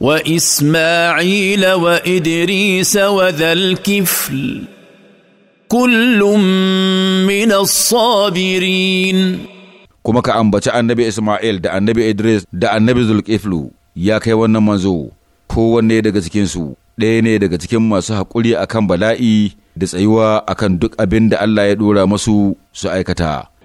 واسماعيل وادريس وذا الكفل كل من الصابرين kuma ka ambaci annabi Ismail da annabi Idris da annabi Zulkiflu ya kai wannan manzo kowanne daga cikinsu ɗaya ne daga cikin masu haƙuri akan bala'i da tsayuwa akan duk abin da Allah ya ɗora masu su aikata.